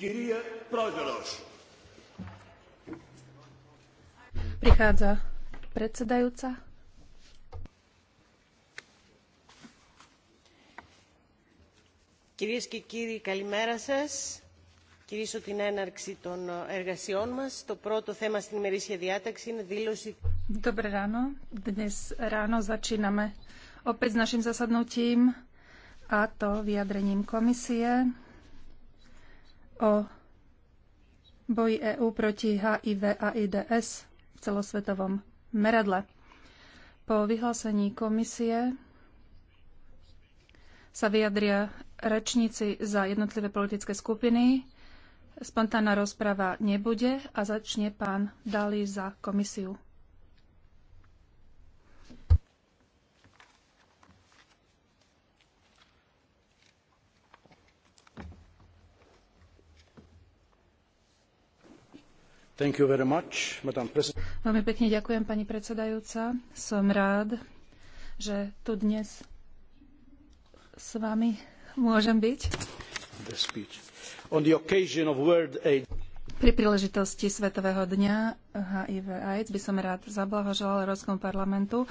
Kyrie Prozoros. Prichádza predsedajúca. Κυρίες και κύριοι, καλημέρα σας. Κυρίσω την έναρξη των εργασιών μας. Το πρώτο θέμα στην ημερήσια διάταξη είναι δήλωση... Dobré ráno. Dnes ráno začíname opäť s našim zasadnutím a to vyjadrením komisie o boji EÚ proti HIV a IDS v celosvetovom meradle. Po vyhlásení komisie sa vyjadria rečníci za jednotlivé politické skupiny. Spontánna rozprava nebude a začne pán Dali za komisiu. Veľmi pekne ďakujem, pani predsedajúca. Som rád, že tu dnes s vami môžem byť. Pri príležitosti Svetového dňa HIV AIDS by som rád zablahoželal Európskom parlamentu